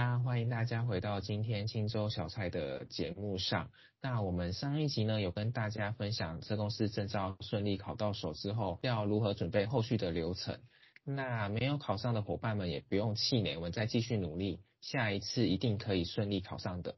啊，歡迎大家回到今天清粥小菜的節目上。那我們上一集呢，有跟大家分享，社工師證照順利考到手之後，要如何準備後續的流程。那沒有考上的夥伴們也不用氣餒，我們再繼續努力，下一次一定可以順利考上的。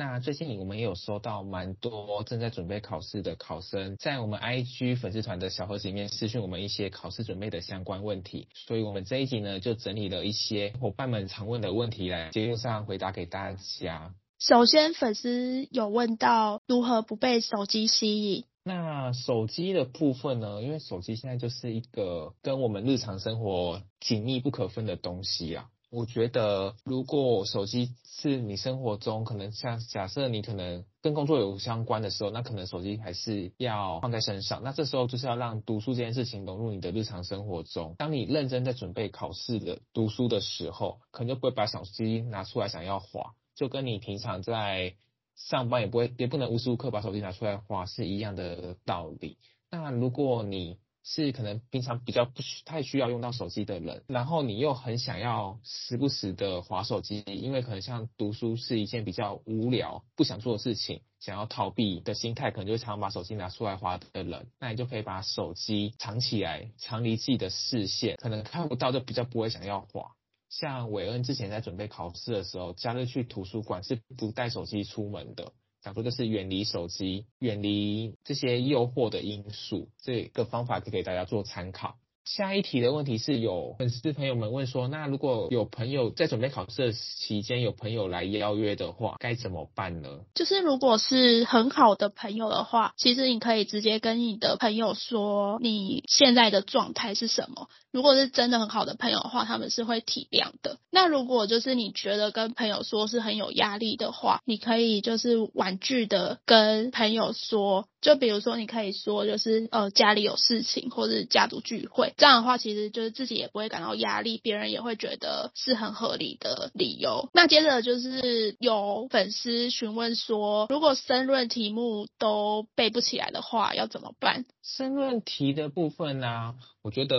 那最近我們也有收到蠻多正在準備考試的考生，在我們 IG 粉絲團的小盒子裡面私訊我們一些考試準備的相關問題，所以我們這一集呢，就整理了一些伙伴們常問的問題來節目上回答給大家。首先，粉絲有問到，如何不被手機吸引？那手機的部分呢？因為手機現在就是一個跟我們日常生活緊密不可分的東西呀、啊。我覺得，如果手機是你生活中可能像假設你可能跟工作有相關的時候，那可能手機還是要放在身上。那這時候就是要讓讀書這件事情融入你的日常生活中。當你認真在準備考試的讀書的時候，可能就不會把手機拿出來想要滑，就跟你平常在上班也不會也不能無時無刻把手機拿出來滑是一樣的道理。那如果你是可能平常比較不需太需要用到手機的人，然後你又很想要時不時的滑手機，因為可能像讀書是一件比較無聊、不想做的事情，想要逃避的心態，可能就會常常把手機拿出來滑的人，那你就可以把手機藏起來，藏離自己的視線，可能看不到就比較不會想要滑。像偉恩之前在準備考試的時候，假日去圖書館是不帶手機出門的。想說就是遠離手機，遠離這些誘惑的因素，這個方法可以給大家做參考。下一題的問題是有粉絲朋友們問說，那如果有朋友在準備考試期間有朋友來邀約的話，該怎麼辦呢？就是如果是很好的朋友的話，其實你可以直接跟你的朋友說你現在的狀態是什麼。如果是真的很好的朋友的話，他們是會體諒的。那如果就是你覺得跟朋友說是很有壓力的話，你可以就是婉拒的跟朋友說。就比如說，你可以說就是呃家裡有事情，或是家族聚會，這樣的話，其實就是自己也不會感到壓力，別人也會覺得是很合理的理由。那接着就是有粉絲詢問說，如果申論題目都背不起來的話，要怎麼辦？申論題的部分呢，啊，我覺得。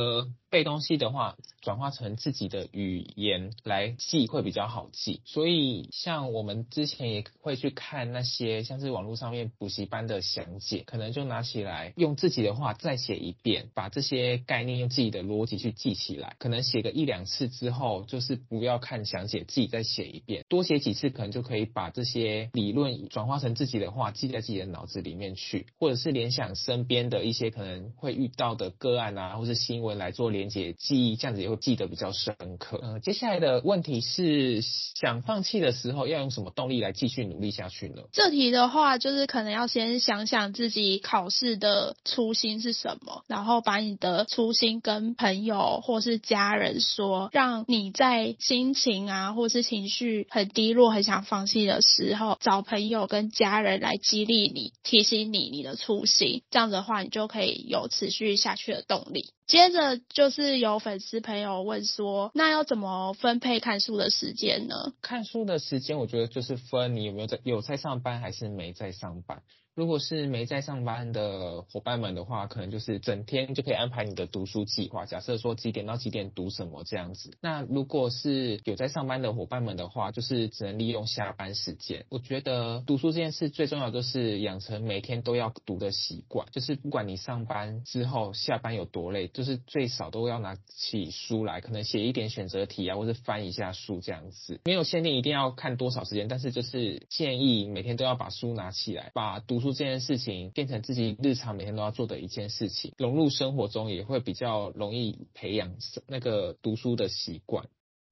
背東西的話，轉化成自己的語言來記會比較好記。所以像我們之前也會去看那些像是網絡上面補習班的詳解，可能就拿起來用自己的話再寫一遍，把這些概念用自己的邏輯去記起來。可能寫個一兩次之後，就是不要看詳解，自己再寫一遍，多寫幾次，可能就可以把這些理論轉化成自己的話記在自己的腦子裡面去，或者是聯想身邊的一些可能會遇到的個案啊，或是新聞來做聯連接記憶，這樣子也會記得比較深刻。嗯、呃，接下來的問題是，想放棄的時候要用什麼動力來繼續努力下去呢？這題的話，就是可能要先想想自己考試的初心是什麼，然後把你的初心跟朋友或是家人說，讓你在心情啊或是情緒很低落、很想放棄的時候，找朋友跟家人來激勵你、提醒你你的初心。這樣的話，你就可以有持續下去的動力。接着就是有粉絲朋友問說，那要怎麼分配看書的時間呢？看書的時間，我覺得就是分你有沒有在，有在上班還是沒在上班。如果是沒在上班的夥伴們的話，可能就是整天就可以安排你的讀書計劃。假設說幾點到幾點讀什麼這樣子。那如果是有在上班的夥伴們的話，就是只能利用下班時間。我覺得讀書這件事最重要就是養成每天都要讀的習慣，就是不管你上班之後下班有多累，就是最少都要拿起書來，可能寫一點選擇題啊，或者翻一下書這樣子，沒有限定一定要看多少時間，但是就是建議每天都要把書拿起來，把讀書這件事情變成自己日常每天都要做的一件事情，融入生活中也會比較容易培養那個讀書的習慣。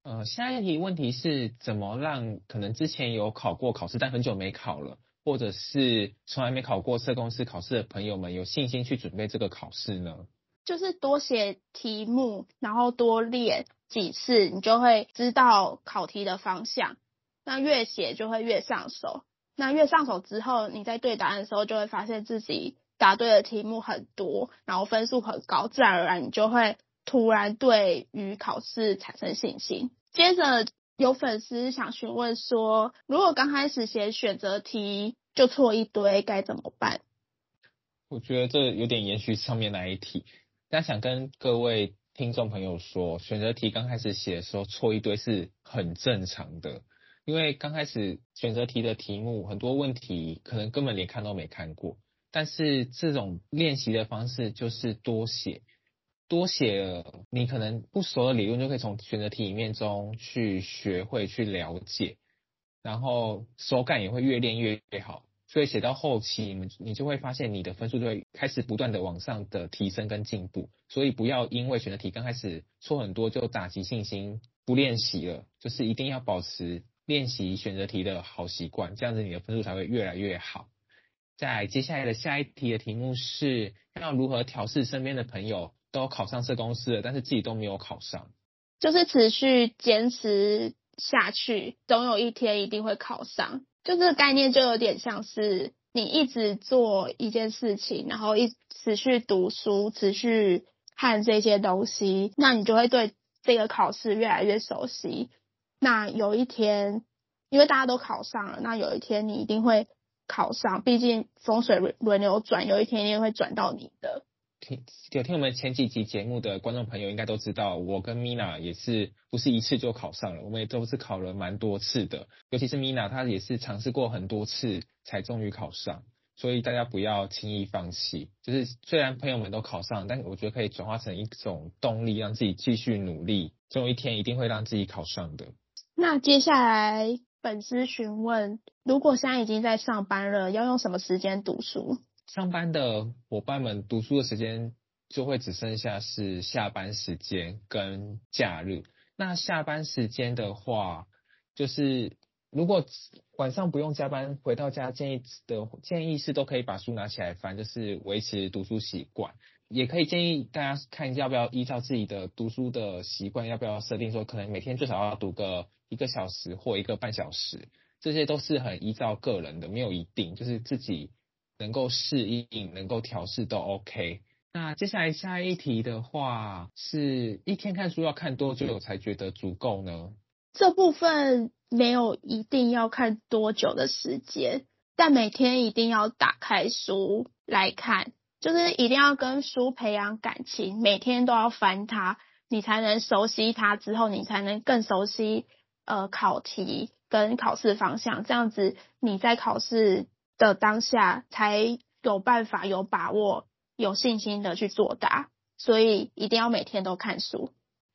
呃，下一題問題是怎麼讓可能之前有考過考試但很久沒考了，或者是從來沒考過社工師考試的朋友們有信心去準備這個考試呢？就是多寫題目，然後多練幾次，你就會知道考題的方向。那越寫就會越上手。那越上手之後，你在對答案的時候，就會發現自己答對的題目很多，然後分數很高，自然而然你就會突然對於考試產生信心。接着有粉絲想詢問說，如果剛開始寫選擇題就錯一堆，該怎麼辦？我覺得這有點延續上面那一題。大家想跟各位聽眾朋友說，選擇題剛開始寫的時候錯一堆是很正常的，因為剛開始選擇題的題目很多問題可能根本連看都沒看過。但是這種練習的方式就是多寫，多寫了你可能不熟的理論就可以從選擇題裡面中去學會去了解，然後手感也會越練越好。所以寫到後期，你們你就會發現你的分數就會開始不斷的往上的提升跟進步。所以不要因為選擇題剛開始錯很多就打擊信心，不練習了，就是一定要保持練習選擇題的好習慣，這樣子你的分數才會越來越好。在接下來的下一題的題目是要如何調適，身邊的朋友都考上社工師了，但是自己都沒有考上，就是持續堅持下去，總有一天一定會考上。就這個概念，就有點像是你一直做一件事情，然後一直去讀書，持續看這些東西，那你就會對這個考試越來越熟悉。那有一天，因為大家都考上了，那有一天你一定會考上。畢竟風水輪流轉，有一天一定會轉到你的。有聽我們前幾集節目的觀眾朋友應該都知道，我跟米娜也是不是一次就考上了，我們也都是考了蠻多次的。尤其是米娜，她也是嘗試過很多次才終於考上，所以大家不要輕易放棄。就是雖然朋友們都考上，但是我覺得可以轉化成一種動力，讓自己繼續努力，總有一天一定會讓自己考上的。那接下來粉絲詢問，如果現在已經在上班了，要用什麼時間讀書？上班的夥伴們，讀書的時間就會只剩下是下班時間跟假日。那下班時間的話，就是如果晚上不用加班，回到家建議的建議是都可以把書拿起來翻，就是維持讀書習慣。也可以建議大家看一下，要不要依照自己的讀書的習慣，要不要設定說可能每天最少要讀個一個小時或一個半小時。這些都是很依照個人的，沒有一定，就是自己。能夠適應、能夠調適都 OK。那接下來下一題的話，是一天看書要看多久才覺得足夠呢？這部分沒有一定要看多久的時間，但每天一定要打開書來看，就是一定要跟書培養感情，每天都要翻它，你才能熟悉它，之後你才能更熟悉，呃，考題跟考試方向。這樣子你在考試。的當下，才有辦法、有把握、有信心的去作答，所以一定要每天都看書。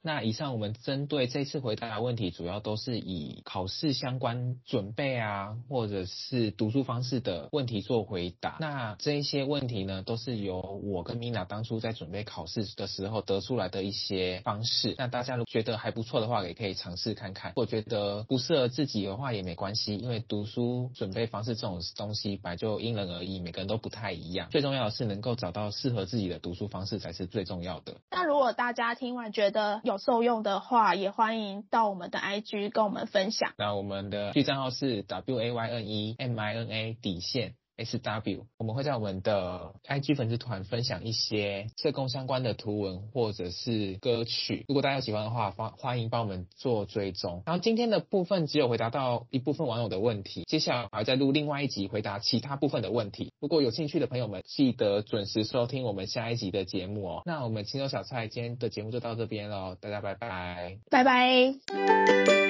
那以上我們針對這次回答的問題，主要都是以考試相關準備啊，或者是讀書方式的問題做回答。那這一些問題呢，都是由我跟 Mina 當初在準備考試的時候得出來的一些方式。那大家如果覺得還不錯的話，也可以嘗試看看。如果覺得不適合自己的話也沒關係，因為讀書準備方式這種東西本來就因人而異，每個人都不太一樣。最重要的是能夠找到適合自己的讀書方式才是最重要的。那如果大家聽完覺得有受用的話，也歡迎到我們的 I G 跟我們分享。那我們的 IG 賬號是 W A Y N E M I N A 底線。S W，我們會在我們的 IG 粉絲團分享一些社工相關的圖文或者是歌曲，如果大家有喜歡的話，歡迎幫我們做追蹤。然後今天的部分只有回答到一部分網友的問題，接下來還要再錄另外一集回答其他部分的問題。如果有興趣的朋友們，記得準時收聽我們下一集的節目哦、喔。那我們青蔥小菜今天的節目就到這邊嘍，大家拜拜，拜拜。